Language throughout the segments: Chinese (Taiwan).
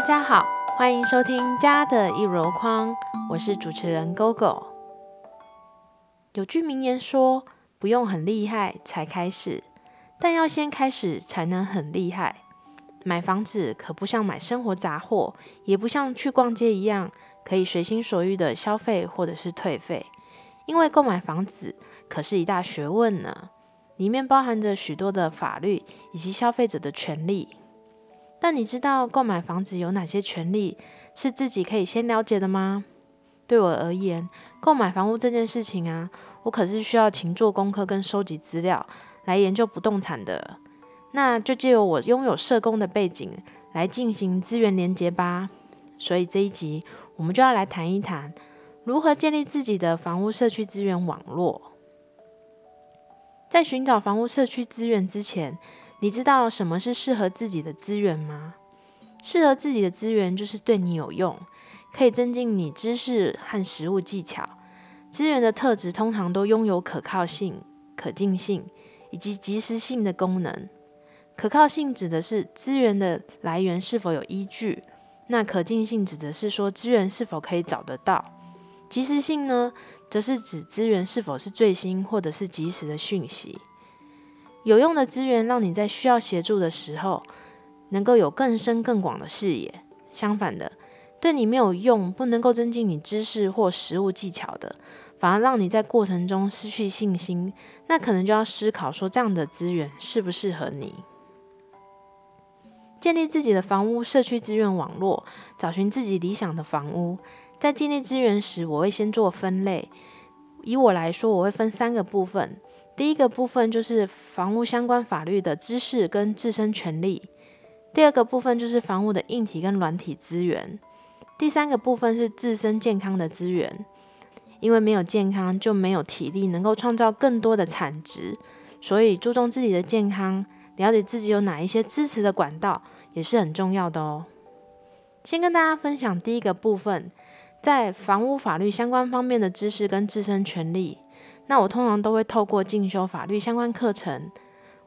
大家好，歡迎收聽《家的一籮筐》，我是主持人 GoGo。有句名言說：“不用很厲害才開始，但要先開始才能很厲害。”買房子可不像買生活雜貨，也不像去逛街一樣可以隨心所欲的消費或者是退費，因為購買房子可是一大學問呢，裡面包含着許多的法律以及消費者的權利。但你知道購買房子有哪些權利是自己可以先了解的嗎？對我而言，購買房屋這件事情啊，我可是需要勤做功課跟收集資料來研究不動產的。那就借由我擁有社工的背景來進行資源連結吧。所以這一集我們就要來談一談，如何建立自己的房屋社區資源網絡。在尋找房屋社區資源之前，你知道什麼是適合自己的資源嗎？適合自己的資源就是對你有用，可以增進你知識和實務技巧。資源的特質通常都擁有可靠性、可近性以及及時性的功能。可靠性指的是資源的來源是否有依據；那可近性指的是說資源是否可以找得到；及時性呢，則是指資源是否是最新或者是及時的訊息。有用的資源讓你在需要協助的時候能夠有更深更廣的視野。相反的，對你沒有用、不能夠增進你知識或實務技巧的，反而讓你在過程中失去信心，那可能就要思考說這樣的資源適不適合你。建立自己的房屋社區資源網絡，找尋自己理想的房屋。在建立資源時，我會先做分類。以我來說，我會分三個部分。第一個部分就是房屋相關法律的知識跟自身權利，第二個部分就是房屋的硬體跟軟體資源，第三個部分是自身健康的資源。因為沒有健康就沒有體力，能夠創造更多的產值，所以注重自己的健康，了解自己有哪一些支持的管道也是很重要的哦。先跟大家分享第一個部分，在房屋法律相關方面的知識跟自身權利。那我通常都會透過進修法律相關課程，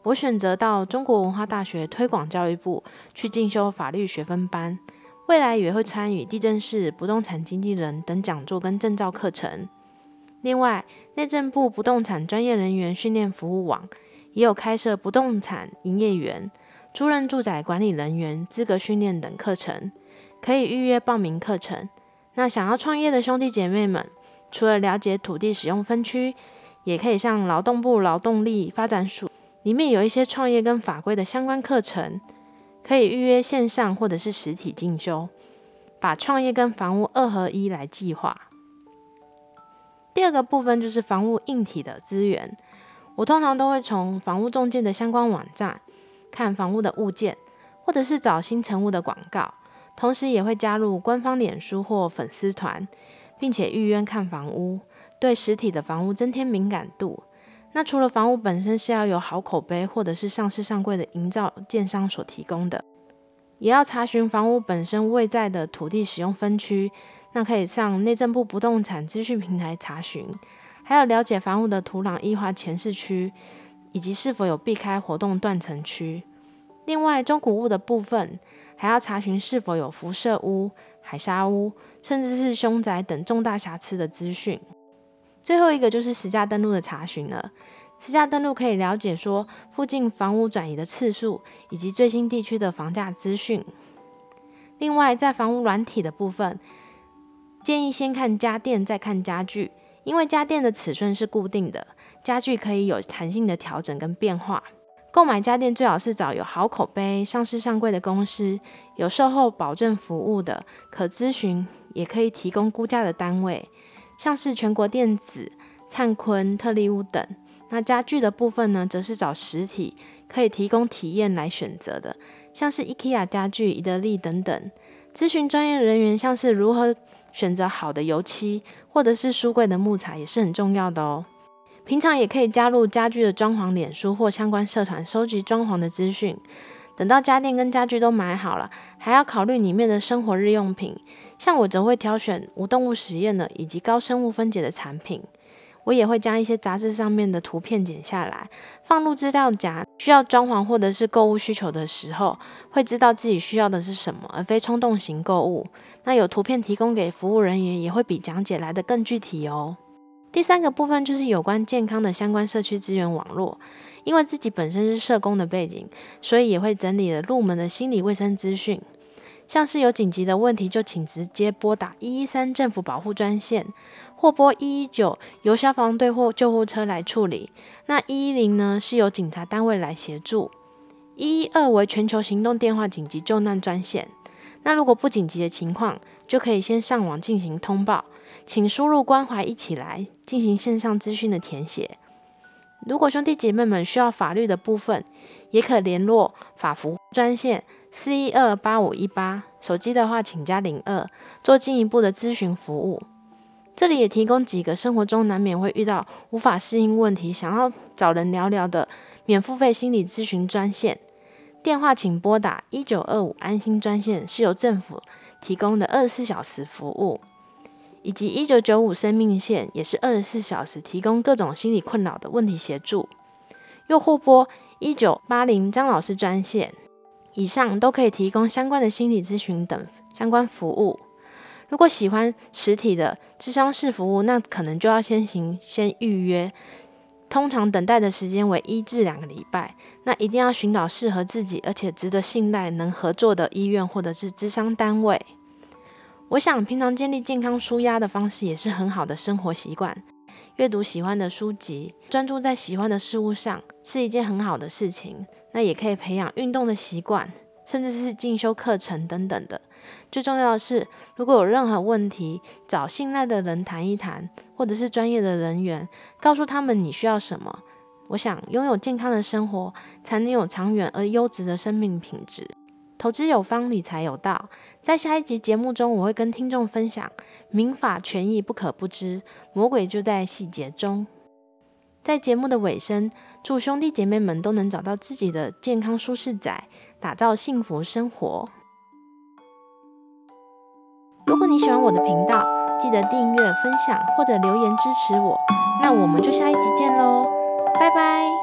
我選擇到中國文化大學推廣教育部去進修法律學分班，未來也會參與地政士、不動產經紀人等講座跟證照課程。另外，內政部不動產專業人員訓練服務網也有開設不動產營業員、租賃住宅管理人員資格訓練等課程，可以預約報名課程。那想要創業的兄弟姐妹們。除了了解土地使用分區，也可以向勞動部勞動力發展署裡面有一些創業跟法規的相關課程，可以預約線上或者是實體進修，把創業跟房屋二合一來計劃。第二個部分就是房屋硬體的資源，我通常都會從房屋中介的相關網站看房屋的物件，或者是找新成屋的廣告，同時也會加入官方臉書或粉絲團。並且預約看房屋，對實體的房屋增添敏感度。那除了房屋本身是要有好口碑，或者是上市上櫃的營造建商所提供的，也要查詢房屋本身位在的土地使用分區。那可以上內政部不動產資訊平台查詢，還有了解房屋的土壤液化潛勢區，以及是否有避開活動斷層區。另外，中古屋的部分，還要查詢是否有輻射屋。海沙屋，甚至是凶宅等重大瑕疵的資訊。最後一個就是實價登錄的查詢了。實價登錄可以了解說附近房屋轉移的次數，以及最新地區的房價資訊。另外，在房屋軟體的部分，建議先看家電，再看家具，因為家電的尺寸是固定的，家具可以有彈性的調整跟變化。購買家電最好是找有好口碑、上市上櫃的公司，有售後保證服務的，可諮詢，也可以提供估價的單位，像是全國電子、燦坤、特力屋等。那家具的部分呢，則是找實體可以提供體驗來選擇的，像是 IKEA 家具、宜得利等等。諮詢專業人員，像是如何選擇好的油漆，或者是書櫃的木材，也是很重要的哦。平常也可以加入家具的裝潢臉書或相關社團，收集裝潢的資訊。等到家電跟家具都買好了，還要考慮裡面的生活日用品。像我則會挑選無動物實驗的以及高生物分解的產品。我也會將一些雜誌上面的圖片剪下來，放入資料夾。需要裝潢或者是購物需求的時候，會知道自己需要的是什麼，而非衝動型購物。那有圖片提供給服務人員，也會比講解來得更具體哦。第三個部分就是有關健康的相關社區資源網絡，因為自己本身是社工的背景，所以也會整理了入門的心理衛生資訊。像是有緊急的問題，就請直接撥打一一三政府保護專線，或撥一一九由消防隊或救護車來處理。那一一零呢，是由警察單位來協助，一一二為全球行動電話緊急救難專線。那如果不緊急的情況，就可以先上網進行通報。請輸入“關懷一起來”進行線上資訊的填寫。如果兄弟姐妹們需要法律的部分，也可聯絡法服專線四一二八五一八。手機的話，請加零二做進一步的諮詢服務。這裡也提供幾個生活中難免會遇到無法適應問題，想要找人聊聊的免付費心理諮詢專線。電話請撥打一九二五安心專線，是由政府提供的二十四小時服務。以及一九九五生命線也是二十四小時提供各種心理困擾的問題協助，又或撥一九八零張老師專線，以上都可以提供相關的心理諮詢等相關服務。如果喜歡實體的諮商室服務，那可能就要先行先預約，通常等待的時間為一至兩個禮拜。那一定要尋找適合自己而且值得信賴、能合作的醫院或者是諮商單位。我想，平常建立健康紓壓的方式也是很好的生活習慣。閱讀喜歡的書籍，專注在喜歡的事物上，是一件很好的事情。那也可以培養運動的習慣，甚至是進修課程等等的。最重要的是，如果有任何問題，找信賴的人談一談，或者是專業的人員，告訴他們你需要什麼。我想，擁有健康的生活，才能有長遠而優質的生命品質。投資有方，理財有道。在下一集節目中，我會跟聽眾分享民法權益不可不知，魔鬼就在細節中。在節目的尾聲，祝兄弟姐妹們都能找到自己的健康舒適宅，打造幸福生活。如果你喜歡我的頻道，記得訂閱、分享或者留言支持我。那我們就下一集見嘍，拜拜。